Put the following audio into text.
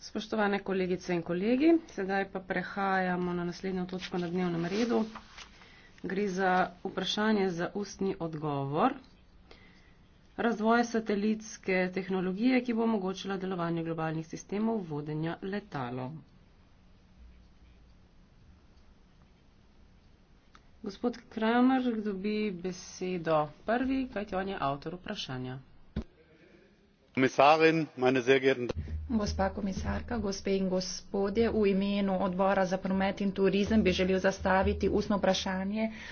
spoštovane kolegice in kolegi sedaj pa prehajamo na naslednjo točko na dnevnem redu gre za vprašanje za ustni odgovor razvoj satelitske tehnologije ki bo omogočila delovanje globalnih sistemov vodenja letalo Gospod Kramer dobi besedo prvi, kajti on je avtor vprašanja gospa komisarka gospe in gospodje v imenu odbora za promet in turizem bi želel zastaviti ustno vprašanje gospodu barrosu.